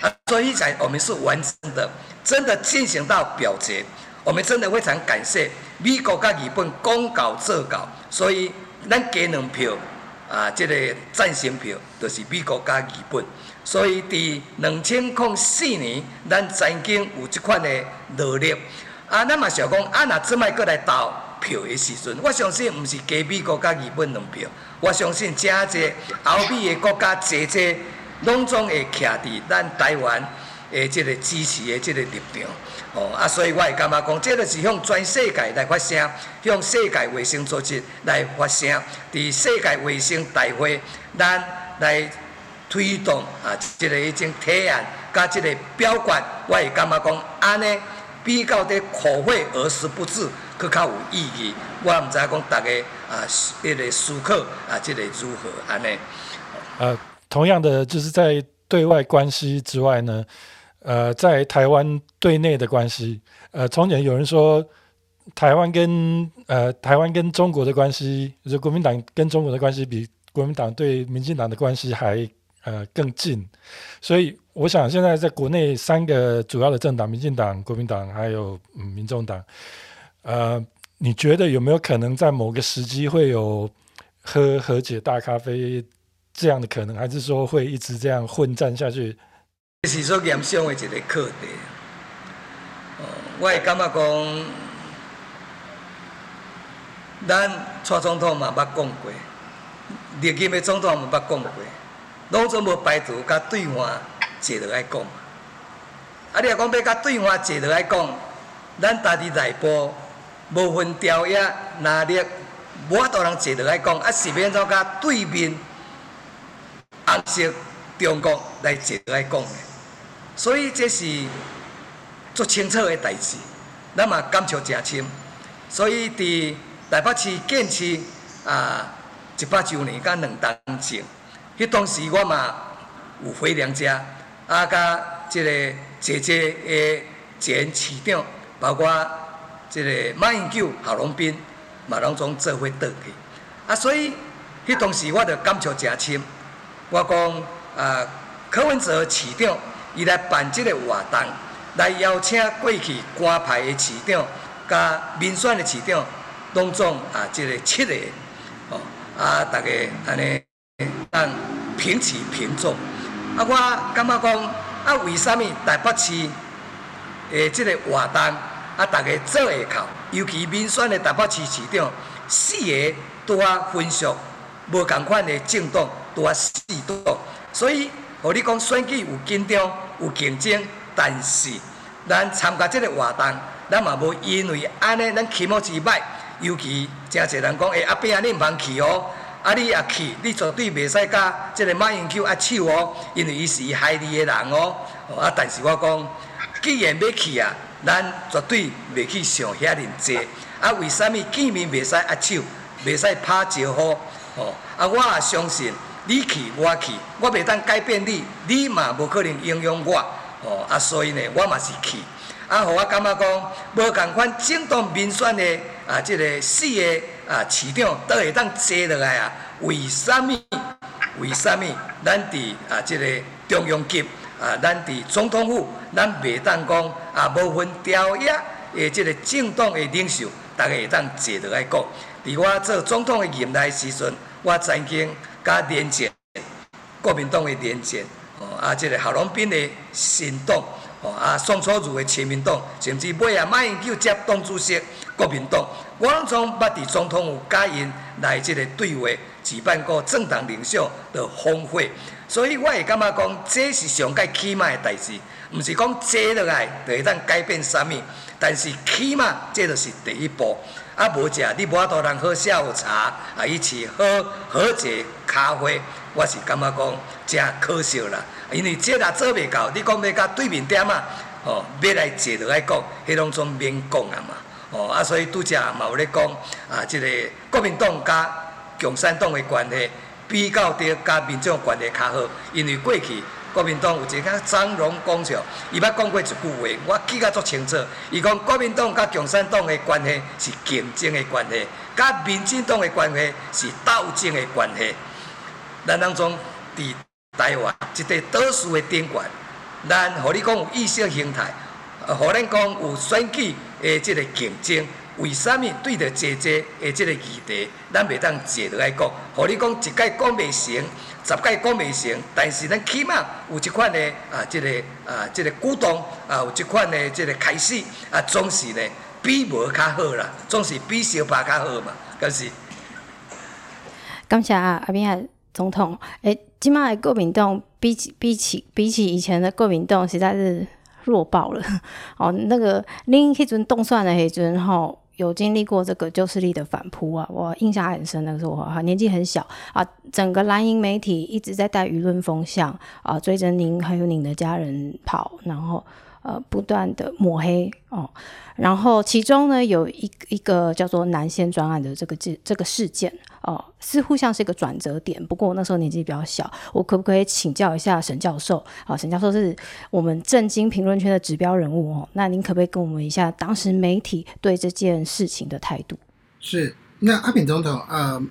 啊，所以才我們是完整的。真的進行到表決，我們真的非常感謝美國甲日本公搞作搞，所以咱加兩票，啊，這個贊成票就是美國甲日本。所以佇兩千零四年，咱曾經有這款的努力。啊，咱嘛想講，啊，若這擺過來投票的時陣，我相信唔是加美國甲日本兩票，我相信真儕歐美的國家儕儕，攏總會徛佇咱台灣，誒，即個支持誒，即個立場，哦，啊，所以我會感覺講，這個是向全世界來發聲，向世界衛生組織來發聲，在世界衛生大會，咱來推動啊，即個一種提案，甲，即個表決，我會感覺講，安尼比較的可會而思不至，佮較有意義。我唔知講大家啊，一、那個思考啊，即個如何安尼？呃，同樣的，就是在對外關係之外呢。呃，在台灣對內的關係，呃，從前有人說台灣跟呃台灣跟中國的關係，就是國民黨跟中國的關係比國民黨對民進黨的關係還呃更近，所以我想現在在國內三個主要的政黨，民進黨、國民黨還有、嗯、民眾黨，呃，你覺得有沒有可能在某個時機會有喝和解大咖啡這樣的可能，還是說會一直這樣混戰下去？這是說嚴肅的一個課題。我會感覺講，咱蔡總統嘛，捌講過；李金的總統毋捌講過。攏總無排除甲對話坐落來講。啊，你若講要甲對話坐落來講，咱家己內部無分條約，那了無法度人坐落來講。啊，是安怎，甲對面，暗色中國來坐落來講。所以這是足清楚的代志，咱嘛感觸誠深。所以佇台北市建市啊、呃、一百周年甲兩周年，迄當時我嘛有回娘家，啊，甲即個姐姐個前市長，包括即個馬英九、郝龍斌、馬龍忠做伙倒去。啊，所以迄當時我着感觸誠深。我講啊，柯、呃、文哲的市長。伊來辦即個活動，來邀請過去官派的市長，甲民選的市長，當中啊，即、這個七個，哦，啊，逐個安尼，讓平起平坐。啊，我感覺講，啊，為啥物台北市的即個活動，啊，逐個做會靠，尤其民選的台北市市長，四個都啊，分數無同款的政黨，都啊，四多，所以。哦，你講選舉有緊張，有競爭，但是咱參加即個活動，咱嘛無因為安尼，咱起某失敗，尤其真儕人講，哎、欸，阿、啊、扁啊，你唔通去哦，啊，你若去，你絕對袂使甲即個馬英九握手哦，因為伊是伊害你的人哦，哦。啊，但是我講，既然要去啊，咱絕對袂去想遐爾濟。啊，為蝦米見面袂使握手，袂使拍招呼？哦，啊，我也相信。你去，我去，我袂當改變你，你嘛無可能影響我。哦，啊，所以呢，我嘛是去。啊，互我感覺講，無共款政黨民選的啊，即個四個啊市長都會當坐落來啊。為啥物？為啥物？咱佇啊即個中央級啊，咱佇總統府，咱袂當講啊，無分條約誒，即個政黨誒領袖，逐個會當坐落來講。佇我做總統誒年代時陣，我曾經。加連戰，國民黨誒連戰，哦啊，即個郝龍斌誒新黨，哦啊，宋楚瑜誒親民黨，甚至尾啊馬英九接黨主席國民黨，我攏從捌佇總統有甲因來即個對話，舉辦過政黨領袖的峰會，所以我會感覺講，這是上該起碼誒代誌，毋是講坐落來著會當改變啥物，但是起碼即就是第一步。啊，無食，你無法度通人喝下午茶，啊，一起喝喝和解咖啡，我是感覺講真可惜啦。因為這若做未到，你講要甲對面店啊，哦，別來坐來講，迄攏總免講啊嘛，哦啊，所以拄則嘛有咧講啊，即個國民黨甲共產黨嘅關係，比較着甲民眾關係較好，因為過去。國民黨有一個張榮恭，上，伊曾講過一句話，我記甲足清楚。伊講國民黨甲共產黨的關係是競爭的關係，甲民進黨的關係是鬥爭的關係。咱當中，佇台灣一塊特殊的政權，咱何裡講有意識形態，何人講有選舉的即個競爭。為啥物對着坐坐下即個議題，咱袂當坐落來講？予你講一屆講未成，十屆講未成，但是咱起碼有一款嘞啊，即、這個啊，即、這個股東啊，有一款嘞，即個開始啊，總是咧比無較好啦，總是比小白較好嘛。就是。感謝啊，阿扁個總統。即擺的國民黨比起比起比起以前的國民黨，實在是弱爆了。哦，那個恁迄陣當選嘞，迄陣吼。哦有經歷過這個舊勢力的反撲啊，我印象很深。那個時候我年紀很小啊，整個藍營媒體一直在帶輿論風向啊，追着您還有您的家人跑，然後。呃，不斷的抹黑哦，然後其中呢，有一一個叫做南線專案的這個這這個事件哦，似乎像是一個轉折點。不過我那時候年紀比較小，我可不可以請教一下沈教授？好、呃，沈教授是我們政經評論圈的指標人物哦，那您可不可以跟我們一下當時媒體對這件事情的態度？是，那阿扁總統啊、呃，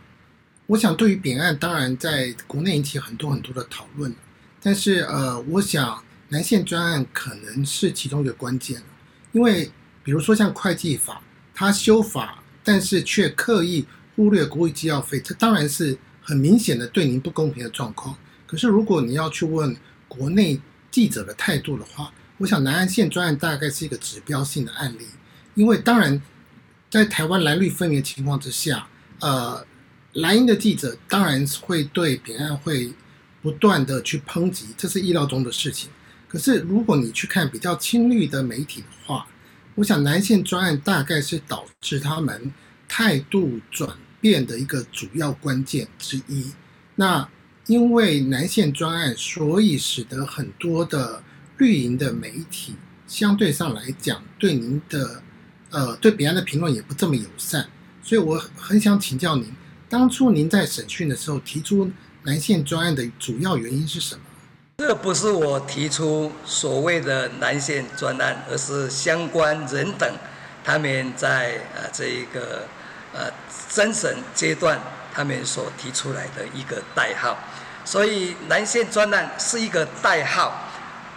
我想對於扁案，當然在國內引起很多很多的討論，但是呃，我想。南線專案可能是其中一個關鍵，因為比如說像會計法，他修法，但是卻刻意忽略國務機要費，這當然是很明顯的對您不公平的狀況。可是如果你要去問國內記者的態度的話，我想南線專案大概是一個指標性的案例，因為當然在台灣藍綠分明的情況之下，呃，藍營的記者當然是會對扁案會不斷的去抨擊，這是意料中的事情。可是，如果你去看比較親綠的媒體的話，我想南線專案大概是導致他們態度轉變的一個主要關鍵之一。那因為南線專案，所以使得很多的綠營的媒體相對上來講對您的，呃，對別人的評論也不這麼友善。所以我很想請教您，當初您在審訊的時候提出南線專案的主要原因是什麼？這個、不是我提出所謂的南線專案，而是相關人等他們在呃、啊、這一個呃偵、啊、審階段，他們所提出來的一個代號。所以南線專案是一個代號。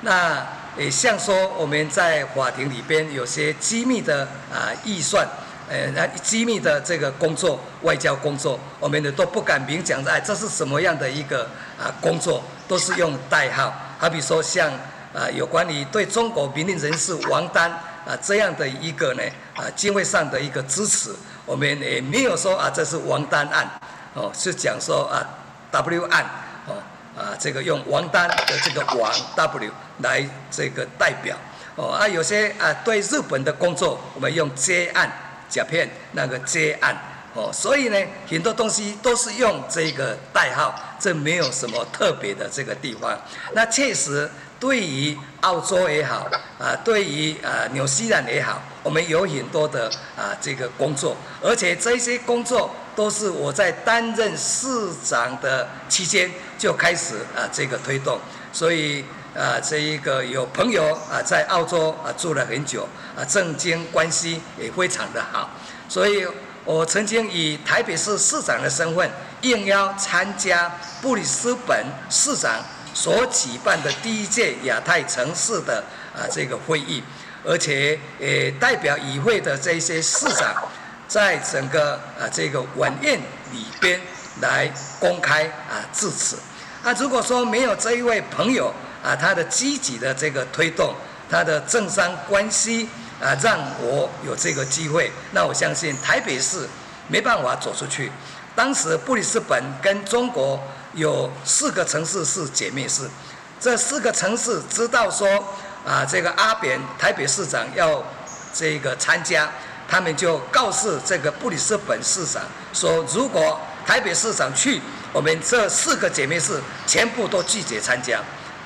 那也像說我們在法庭裡邊有些機密的啊預算，呃、啊，機密的這個工作，外交工作，我們呢都不敢明講哎，這是什麼樣的一個啊工作？都是用代號，好比說像啊，有關於對中國民運人士王丹啊這樣的一個呢啊，經費上的一個支持，我們也沒有說啊，這是王丹案，哦，是講說啊 W 案，哦啊這個用王丹的這個王 W 來這個代表，哦啊有些啊對日本的工作，我們用 J 案甲片那個 J 案。哦，所以呢，很多東西都是用這個代號，這沒有什麼特別的這個地方。那確實，對於澳洲也好，啊、呃，對於啊、呃、紐西蘭也好，我們有很多的啊、呃、這個工作，而且這些工作都是我在擔任市長的期間就開始啊、呃、這個推動。所以啊、呃，這一個有朋友啊、呃、在澳洲啊、呃、住了很久，啊、呃、政經關係也非常的好，所以。我曾經以台北市市長的身份應邀參加布里斯本市長所舉辦的第一屆亞太城市的啊，這個會議，而且呃代表與會的這些市長，在整個啊這個晚宴裡邊來公開啊致辭。啊，如果說沒有這一位朋友啊，他的積極的這個推動，他的政商關係。啊，讓我有這個機會，那我相信台北市沒辦法走出去。當時布里斯本跟中國有四個城市是姐妹市，這四個城市知道說啊，這個阿扁台北市長要這個參加，他們就告訴這個布里斯本市長說，如果台北市長去，我們這四個姐妹市全部都拒絕參加。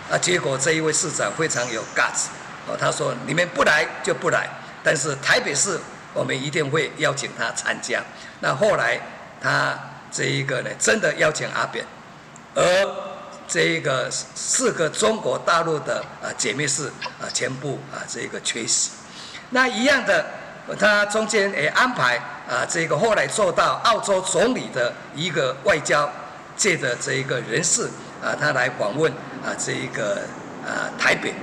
啊，結果這一位市長非常有 guts。哦，他說你們不來就不來，但是台北市我們一定會邀請他參加。那後來他這一個呢，真的邀請阿扁，而這一個四個中國大陸的啊姐妹市啊全部啊這個缺席。那一樣的，他中間也安排啊這個後來做到澳洲總理的一個外交界的這一個人士啊，他來訪問啊這一個啊台北。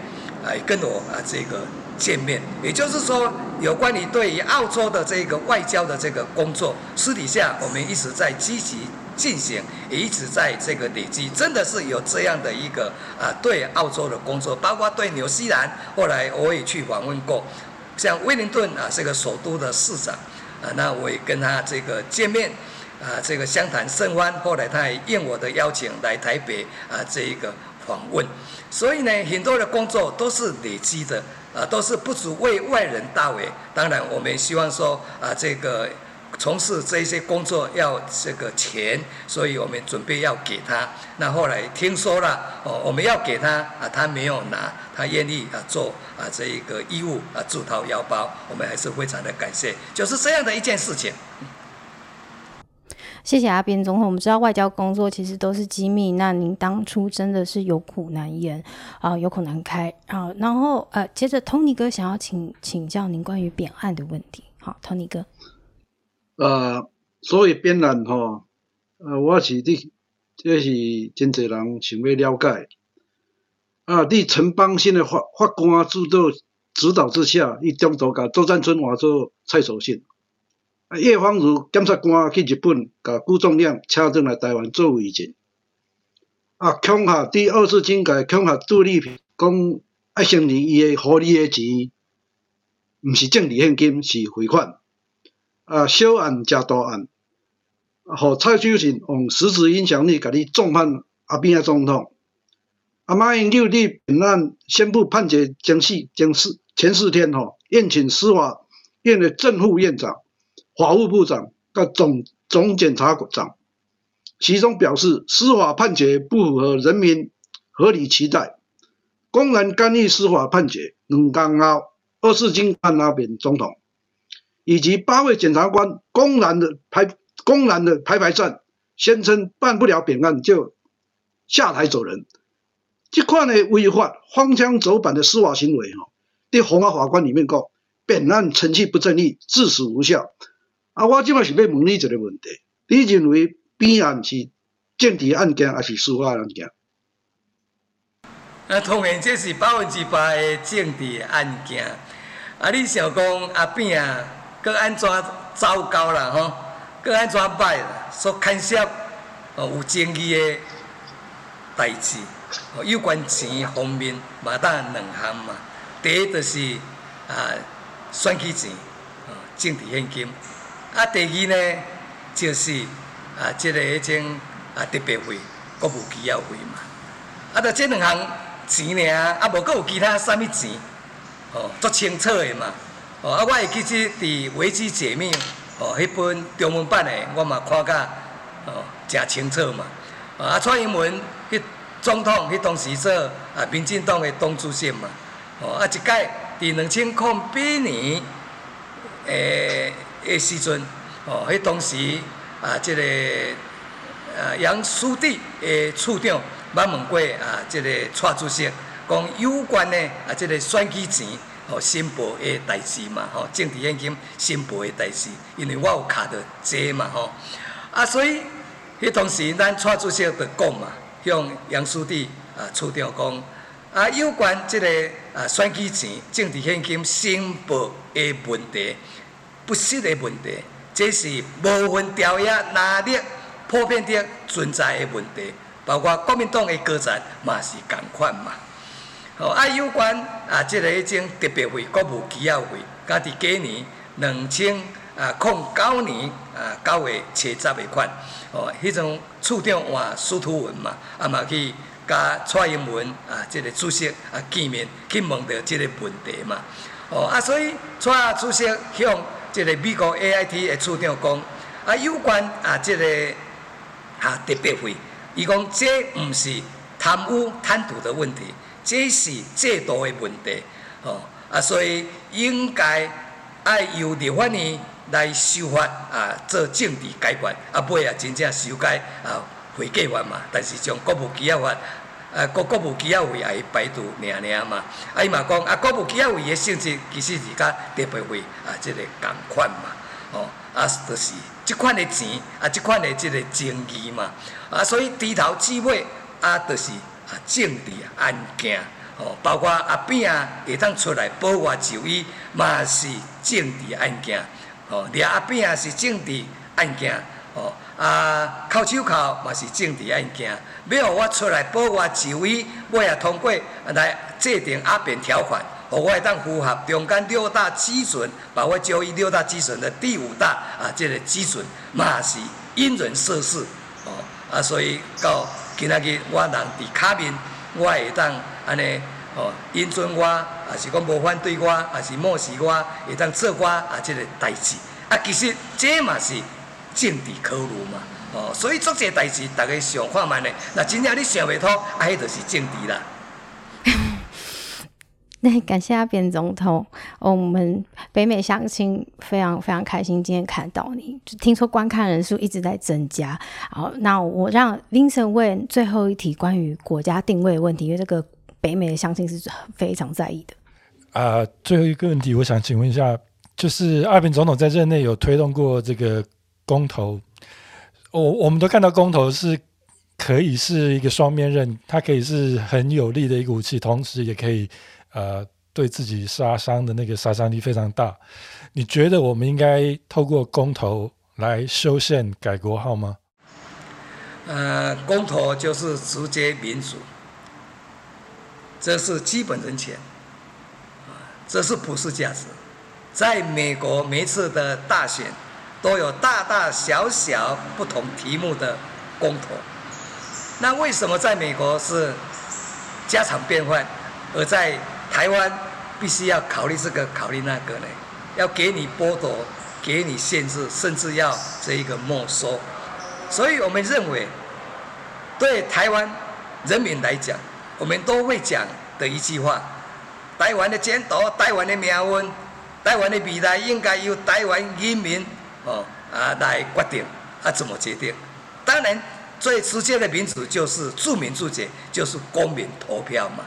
來跟我啊這個見面，也就是說，有關於對於澳洲的這個外交的這個工作，私底下我們一直在積極進行，也一直在這個累積，真的是有這樣的一個啊對澳洲的工作，包括對紐西蘭，後來我也去訪問過，像威靈頓啊這個首都的市長啊，那我也跟他這個見面啊，這個相談甚歡，後來他也應我的邀請來台北啊這一個。訪問，所以呢，很多的工作都是累積的，啊、呃，都是不足為外人道也、欸。當然，我們希望說，啊、呃，這個從事這些工作要這個錢，所以我們準備要給他。那後來聽說了，哦、呃，我們要給他，啊、呃，他沒有拿，他願意啊、呃、做啊、呃、這一個義務啊自掏腰包，我們還是非常的感謝，就是這樣的一件事情。謝謝阿扁總統，我們知道外交工作其實都是機密，那您當初真的是有苦難言啊、呃，有口難開啊、嗯。然後呃，接着 Tony 哥想要請請教您關於扁案的問題。好，Tony 哥，呃，所以扁案吼呃，我是你，這是真儕人想要了解。啊、呃，你陳幫新的法法官制導指導之下，伊中途把周占春換作蔡守訓。啊，葉芳如檢察官去日本，甲辜仲諒請進來台灣做偽證。啊，恐嚇第二次金改，恐嚇朱麗萍講一千年伊個合理個錢，毋是政治獻金，是賄款。啊，小案加大案，啊，吼，蔡守訓用實質影響力甲你重判啊，扁阿總統。啊，馬英九，你本案宣布判決將四將四前四天吼、哦，宴請司法院的正副院長。法務部長和總總檢察長，其中表示司法判決不符合人民合理期待，公然干預司法判決。能干澳、二次金案那邊總統，以及八位檢察官公然的，公然的排公然的排排站，宣稱辦不了扁案就下台走人。這塊呢，違法、荒腔走板的司法行為對洪英花法官裡面講扁案程序不正義，自始無效。啊，我即擺是欲問你一個問題，你認為扁案是政治案件還是司法案件？哎、啊，當然，即是百分之百的政治案件。啊，你想講啊扁啊，擱安怎糟糕啦？吼、啊，擱安怎歹？所牽涉哦有爭議的代志，哦有關錢方面，呾呾兩項嘛。第一就是啊，選舉錢，哦、啊、政治獻金。啊，第二呢，就是啊，即個迄種啊特別費、國務機要費嘛。啊，著即兩項錢爾，啊，無佫有其他甚物錢，哦，足清楚的嘛。哦，啊，我會記，實佇《維基解密》哦，迄本中文版的我嘛看甲，哦，正清楚嘛。啊，蔡英文迄總統迄當時說啊，民進黨的黨主席嘛。哦，啊，一屆佇兩千零八年，誒。誒時陣，吼、哦，迄當時啊，這個啊楊書記誒處長捌問過，啊，這個蔡主席講有關誒，啊，這個選舉前哦，申報誒代志，嘛吼、哦，政治獻金申報誒代志，因為我有卡着儕嘛吼、哦，啊所以迄當時咱蔡主席著講嘛，向楊書記啊處長講啊，有關即、這個啊選舉前政治獻金申報誒問題。不實的問題，這是不分朝野，哪啲普遍的存在的問題，包括國民黨嘅個案嘛，是共款嘛。哦，啊，有關啊，即、這個一種特別費、國務機要費，家己幾年兩千啊，控九年啊，搞個七十個款，哦，迄種處長換司徒文嘛，啊嘛去甲蔡英文啊，即、這個主席啊見面去問到即個問題嘛。哦，啊，所以蔡主席向即、這個美國 AIT 的處長講，啊，有關啊，即、這個啊，特別費，伊講這毋是貪污貪圖的問題，這是制度嘅問題，吼、哦，啊，所以應該要由立法院來修法啊，做政治解決啊，尾啊真正修改啊會計法嘛，但是從國務機啊法。啊，國國務機要費也伊百度念念嘛，啊，伊嘛講啊，國務機要費嘅性質其實是甲特別啊，即、這個共款嘛，哦，啊是就是即款嘅錢，啊即款嘅即個政治嘛，啊所以低頭即尾啊就是啊政治案件，哦，包括阿邊啊會當出來保外就醫嘛是政治案件，哦，抓阿邊啊是政治案件。哦，啊，靠手靠嘛是政治案件，要互我出來保外就醫，我也通過來制定阿扁條款，互我當符合中間六大基準，把我交易六大基準的第五大啊，即、啊這個基準嘛是因人設事，哦，啊，所以到今仔日我人佇卡面，我會當安尼，哦、啊，因準我，我，我，我，啊是講無法對我，啊是漠視我，會當做我啊即個代誌，啊，其實這嘛是。政敵考慮嘛，哦，所以做些代志，大家想看嘛的那真正你想未通，啊，迄就是政敵啦。那、嗯、 感謝阿扁總統，我們北美鄉親非常非常開心，今天看到你，就聽說觀看人數一直在增加。好，那我讓 Vincent 問最後一題，關於國家定位的問題，因為這個北美的鄉親是非常在意的。啊、呃，最後一個問題，我想請問一下，就是阿扁總統在任內有推動過這個公投，我、oh, 我們都看到公投是可以是一個雙面刃，它可以是很有力的一個武器，同時也可以呃對自己殺傷的那個殺傷力非常大。你覺得我們應該透過公投來修憲改國號嗎？呃，公投就是直接民主，這是基本人權，這是普世價值。在美國每一次的大選。都有大大小小不同題目的公投，那為什麼在美國是家常便飯，而在台灣必須要考慮這個考慮那個呢？要給你剝奪，給你限制，甚至要這一個沒收。所以我們認為，對台灣人民來講，我們都會講的一句話：台灣的前途、台灣的命運、台灣的未來，應該由台灣人民。哦啊，來決定啊，怎麼決定？當然，最直接的民主就是住民自決，就是公民投票嘛。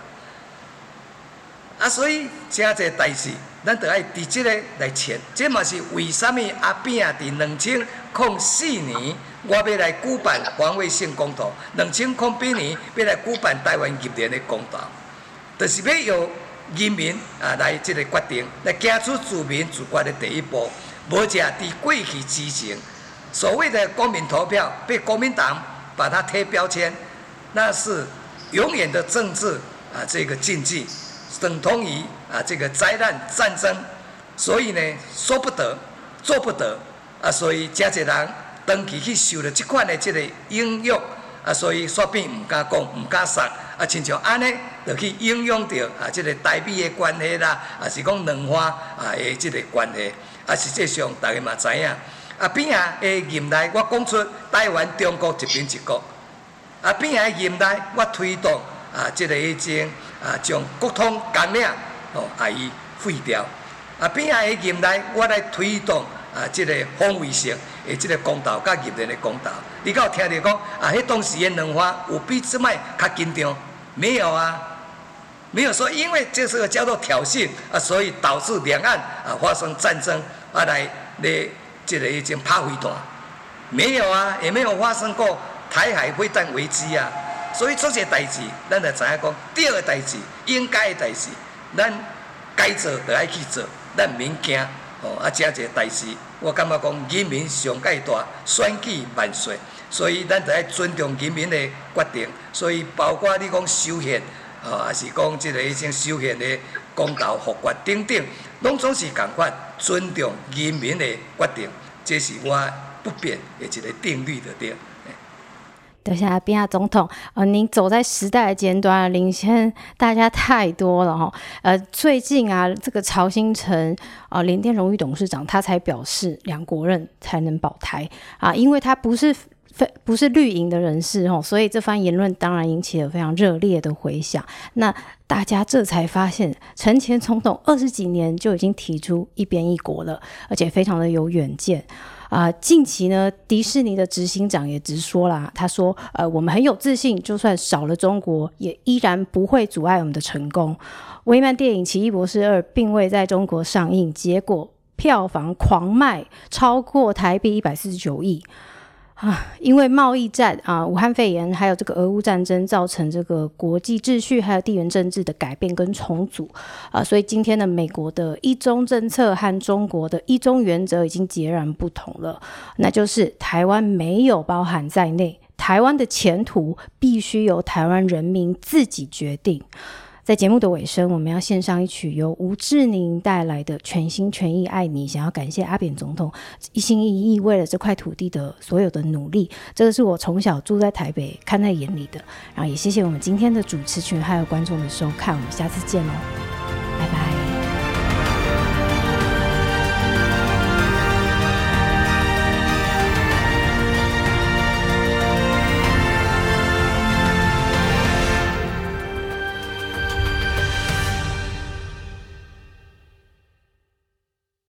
啊，所以這一個代志咱得愛直接的來切，這嘛是為什麼啊？阿扁，在兩千零四年，我要來舉辦防衛性公投；兩千零八年，要來舉辦台灣入聯的公投，都、就是要由人民啊來這個決定，來邁出住民自決的第一步。國家的規矩之行，所謂的公民投票被國民黨把它貼標籤，那是永遠的政治啊，這個禁忌，等同於啊這個災難戰爭，所以呢說不得，做不得，啊所以這些人長期去受了這款的這個影響，啊所以，所以不說並唔敢講唔敢說，啊親像安尼就去影響到啊這個台美的關係啦，啊是講兩岸啊誒，這個關係。啊，實際上大家嘛知影，啊，邊下誒，任內我講出台灣中國一邊一國，啊，邊下任內我推動啊，即個一種啊，將國統綱領吼，啊，伊廢掉，啊，邊下誒，任內我來推動啊，即個防衛性誒，即個公投佮人民誒公投，你敢有聽着講啊？迄當時誒，兩岸有比即擺較緊張？沒有啊，沒有說因為這是個叫做挑釁啊，所以導致兩岸啊發生戰爭。啊！來來，即個已經拍飛彈，沒有啊，也沒有發生過台海飛彈危機啊。所以這些代誌，咱也知影講對的代誌、應該的代誌，咱該做就愛去做，咱毋免驚哦。啊，遮個代誌，我感覺講人民上界大，選舉萬歲，所以咱就愛尊重人民的決定。所以包括你講修憲，哦，也是講即個已經修憲的公道、法規等等，攏總是共款。尊重人民的決定，這是我不變的一個定律的點。多謝阿扁總統，呃，您走在時代的尖端，領先大家太多了哈。呃，最近啊，這個曹興誠啊，聯、呃、電榮譽董事長，他才表示兩國人才能保台啊、呃，因為他不是。不是綠營的人士哦，所以這番言論當然引起了非常熱烈的回響。那大家這才發現，陳前總統二十幾年就已經提出一邊一國了，而且非常的有遠見啊、呃。近期呢，迪士尼的執行長也直說了，他說：“呃，我們很有自信，就算少了中國，也依然不會阻礙我們的成功。”漫威電影《奇異博士二》並未在中國上映，結果票房狂賣超過台幣一百四十九億。啊，因為貿易戰啊、武漢肺炎，還有這個俄烏戰爭，造成這個國際秩序還有地緣政治的改變跟重組啊，所以今天的美國的一中政策和中國的一中原則已經截然不同了。那就是台灣沒有包含在內，台灣的前途必須由台灣人民自己決定。在節目的尾聲，我們要獻上一曲由吳志寧帶來的《全心全意愛你》，想要感謝阿扁總統一心一意為了這塊土地的所有的努力，這個是我從小住在台北看在眼裡的。然後也謝謝我們今天的主持群還有觀眾的收看，我們下次見哦。